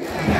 Yeah.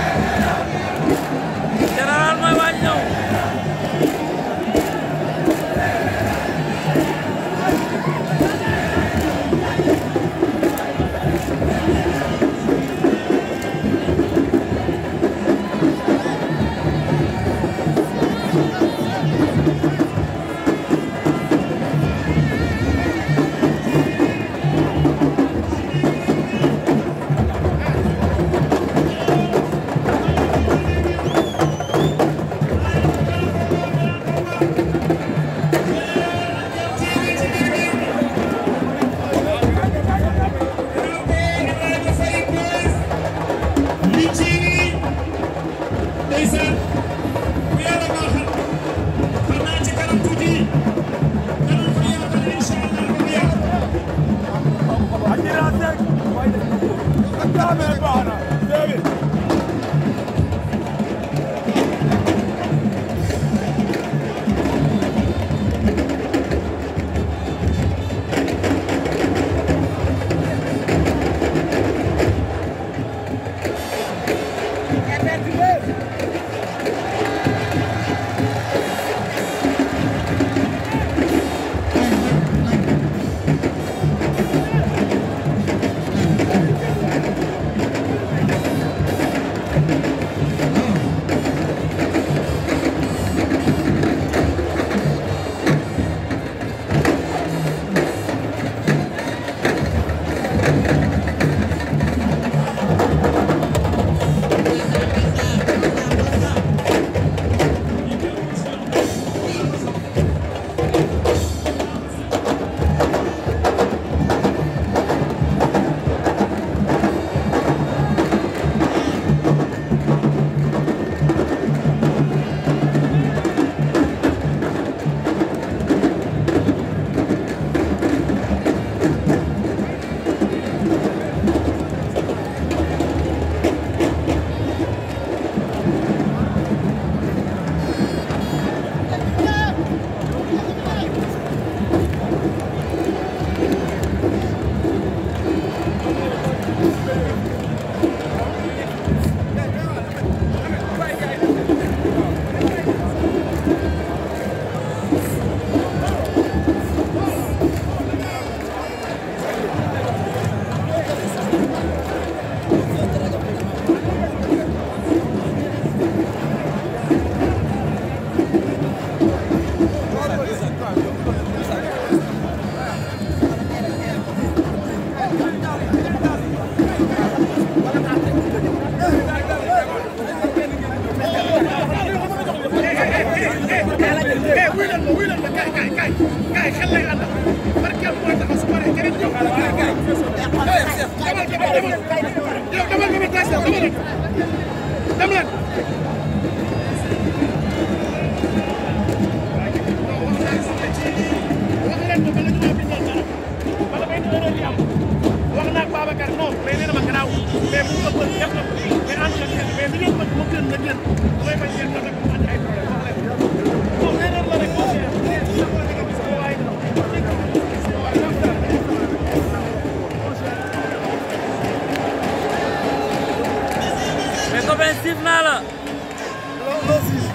mais copain siif naa la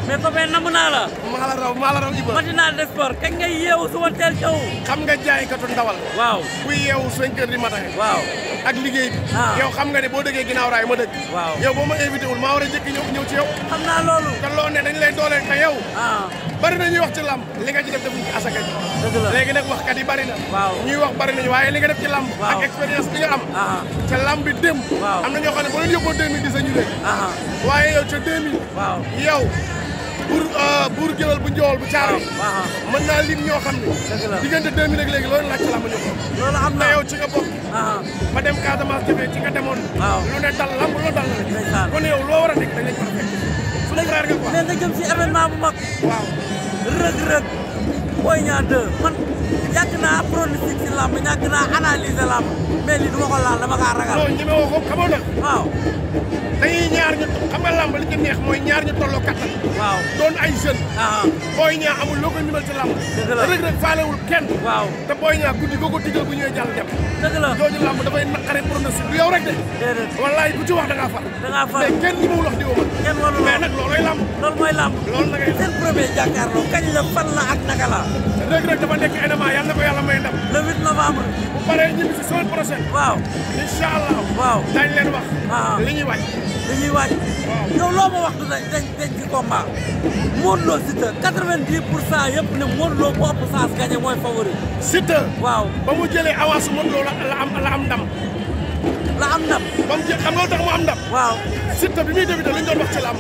mais na namm naa la. maa la raw maa la raw Iba. matinale de sport kañ ngay yeewu suba teel taw. xam nga jaaykatu ndawal. waaw buy yeewu cinq heures du matin. waaw ak liggéey bi. Ah. yow xam nga ne boo dëggee ginnaaw raay ma dëgg. waaw yow boo ma invité wul maa war a njëkk ñëw ñëw ci yow. xam naa loolu. te ne dañ lay dooleel te yow. Ah. bari na ñuy wax ci lamb li nga ci def defuñ ci ji. dëgg la léegi nag waxkat yi bari na. waaw ñuy wax bari nañu waaye li nga def ci lamb. ak expérience bi nga am. Ah. ca lamb bi démb. na ñoo xam ne boo leen yóbboo 2010 ñu dégg. waaye yow ca 2000. waaw yow pour pour ah, géwél bu njool bu caaro mën naa lim ñoo xam ne diggante 2000 ak léegi loolu laaj ma ñu na yow ci nga bokk ba dem Casamance jëfee ci nga ne dal lamb loo dal la loo war a nga quoi mais nga si événement bu mag waaw rëg rëg Boy Niang man yàgg naa pronostic si lamb yàgg naa analyser lamb mais lii du ma ko laal dama kaa ragal non ñi ma waxoon xamoon na ñaar ñu xam nga lamb li ci neex mooy ñaar ñu tolloo kattan. waaw doon ay jeune. Ah. booy ñaa amul loo koy limal ci lamb. rek rek faalewul kenn. waaw te booy ñaa guddi goo ko bu ñëwee jàll dem. dëgg la jooju lamb dafay naqare pronostic du yow rek de. déedéet wallaay ci wax da ngaa far. da ngaa far mais kenn ñi wax di woo. kenn warul mais nag loolooy lamb. loolu mooy lamb loolu nag premier kañ la fan la ak naka la. rek rek ko may ndam. le 8 novembre. bu waaw waaw dañ leen wax. waaw li ñuy waaj. li ñuy waaj. yow loo ma wax dañ dañ dañ ci combat. Modou Lo Siteu quatre-vingt-dix pour cent yëpp ne Modou Lo bu ëpp chance gagné mooy favori. Siteu. waaw ba mu jëlee avance Modou Lo la am la am ndam. la am ndam. ba mu jë xam nga tax mu am ndam. waaw Siteu bi muy débuté li ñu doon wax ci lamb.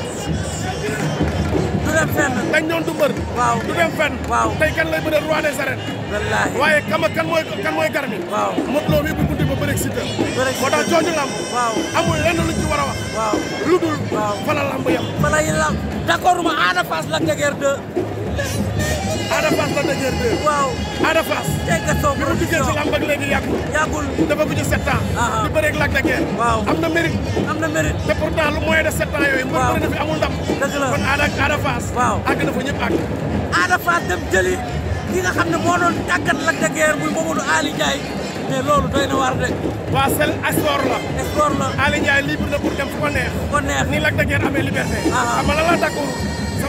du dem fenn. dañ doon du waaw du dem waaw tey kan lay bëre roi des wallaahi waaye kama kan mooy kan mooy garmi. waaw Modou Lo mi bu guddi ba bëreeg Siteu. bëreeg moo tax jooju lamb. waaw amul lenn luñ ci war a wax. waaw lu dul. waaw fa la lamb yem. fa la yi lamb d'accord ma Ada Ada Fass la de guerre waaw Ada Fass. tey nga soog production bi mu duggee ci làmb ak léegi yàggul. yàggul dafa ko ci sept ans. di bëreeg Lac de Guiers. waaw am na mérite. am na mérite te pourtant lu moyen de sept ans yooyu. waaw mbër na fi amul ndam. dëgg la kon Ada Ada Fass. waaw àgg na fa ñëpp àgg. Ada Fass dem jeli. ki nga xam ne moo doon tàggat Lac de Guiers muy Mamadou Ali Ndiaye mais loolu doy na waar de. waa sel espoir la. espoir la Ali Ndiaye libre na pour dem fu ko neex. ko neex ni Lac de Guiers amee liberté. xam nga lan la d'accord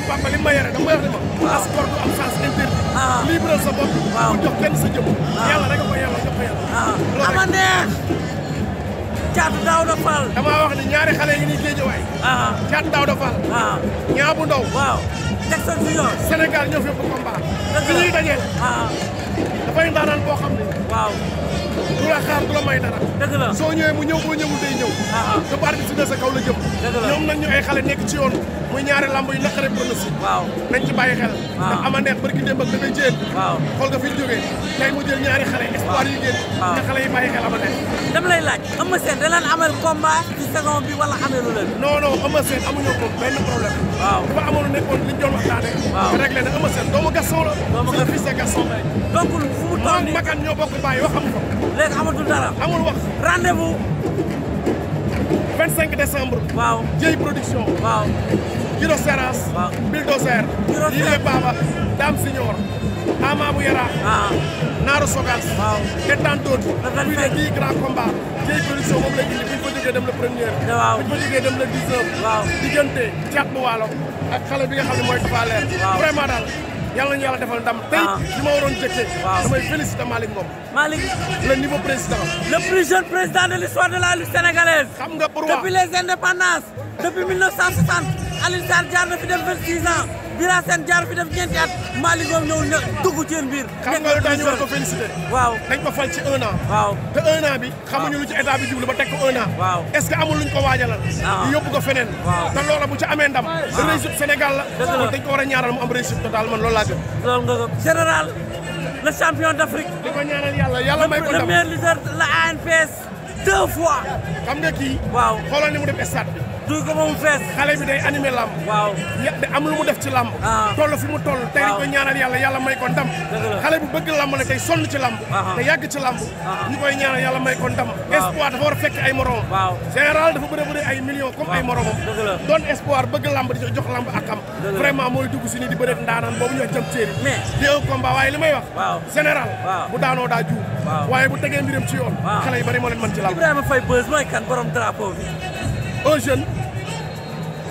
papa li ma yore dama wax ne ma passeport du am sens interdit ah. libre sa bopp bu jox kenn sa jëm ah. yàlla rek ko yàlla jox ko yàlla ah. ama neex caatu daaw da fall dama wax ni ñaari xale yi ni géej waay caatu daaw da fall ñaa bu ndaw waaw Jackson Junior Sénégal ñoo fi pour combat bi ñuy dajee dafay ndaanaan boo xam ne waaw du la xaar may dara soo ñëwee mu ñëw boo ñëwul day ñëw te baar bi si sa kaw la jëm ñoom nag ñu ay e xale nekk ci yoon muy ñaari lamb yu naqare pronostic waaw nañ ci bàyyi xel ah. ndax ama neex barki démb ak dafay jéen xool nga fi jógee tey mu jël ñaari xale espoir yu génn ah. nga xale yi bàyyi xel ama neex dama lay laaj ama seen da leen amal combat ci saison bi wala amelu leen non non ama seen amuñu moom benn problème waaw dafa amoon nekkoon liñ doon waxtaane réglé na ama seen doomu gasson la doomu fils de gasson donc fu mu toll nii makan ñoo bokk bàyyi wax amu ko léegi amatul dara amul wax rendez-vous. 25 waaw Dieye production. waaw Giro Seras. waaw Bulldozer. Giro Seras Baba Dame Signor. bu Yara. waaw ah. Sogas. waaw et tant d'autres. dix grands combats. production moom la ñu indi bi ñu premier. Ah, waaw bi ñu ko waalo ak xale bi nga xam ne mooy Tapha daal. yalla ñu defal ndam. Ah. félicité le nouveau président. le plus jeune président de l'histoire de la lutte sénégalaise. depuis les indépendances. depuis 1960 à l'île Tardia na fi 26 ans. Bira Sène jaar fi def ñeenti at Malick Ngom ñëw na dugg ci seen biir. nga dañu ko félicité. waaw dañ ko fal ci un an. waaw te un bi. xamuñu lu ci état bi jublu ba teg ko un an. waaw est ce que amul ko waajalal. waaw ah. yóbbu ko feneen. loola bu ci amee ndam. waaw ah. réussite Sénégal la. dëgg dañ a ñaaral mu am réussite totale man loolu laa gëm. loolu nga champion d' Afrique. ko ñaanal yàlla yàlla may ko ndam le meilleur leader la fois. xam nga kii. waaw xoolal ni mu def stade duy ko moom fees xale bi day animé làmb waaw ñett am lu mu def ci làmb ah. toll fi mu toll tey ko ñaanal yàlla yàlla may ko ndam xale bu bëgg làmb la tey sonn ci làmb ah. te yàgg ci làmb ah. ñu koy ñaanal yàlla may ko ndam espoir dafa war a fekk ay moroomam général dafa bëri bëri ay millions comme ay moroomam doon espoir bëgg lamb di jox làmb ak am mooy dugg si ni di bëreet ndaanaan boobu ñu wax jëm téeri di un combat waaye li may wax général bu daanoo daa juum waaye tegee mbiram ci ci làmb Ibrahima Faye Beuz mooy un jeune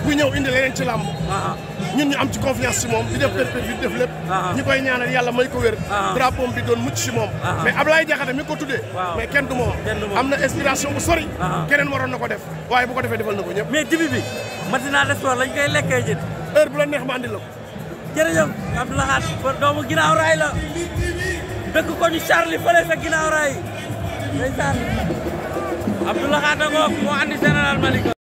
bu ñëw indi leneen ci làmb ah, ah. ñun ñu am ci confiance ci moom di def perpétuité def lépp ah, ñi koy ñaanal yàlla may ko wér drapeau bi doon mucc ci moom mais Ablaye Diakhaté mi ko tuddee mais kenn du moom am na inspiration bu sori keneen waroon na ko def waaye bu ko defee defal na ko ñëpp mais dibi bi matinal sport lañ koy lekkee jën heure bu la neex ma andi la jërëjëf Abdou Lahad doomu ginnaaw raay la dëkk ko ñu Charlie fële sa ginnaaw raay ndeysaan Abdou Lahad a ngoog moo andi général Malika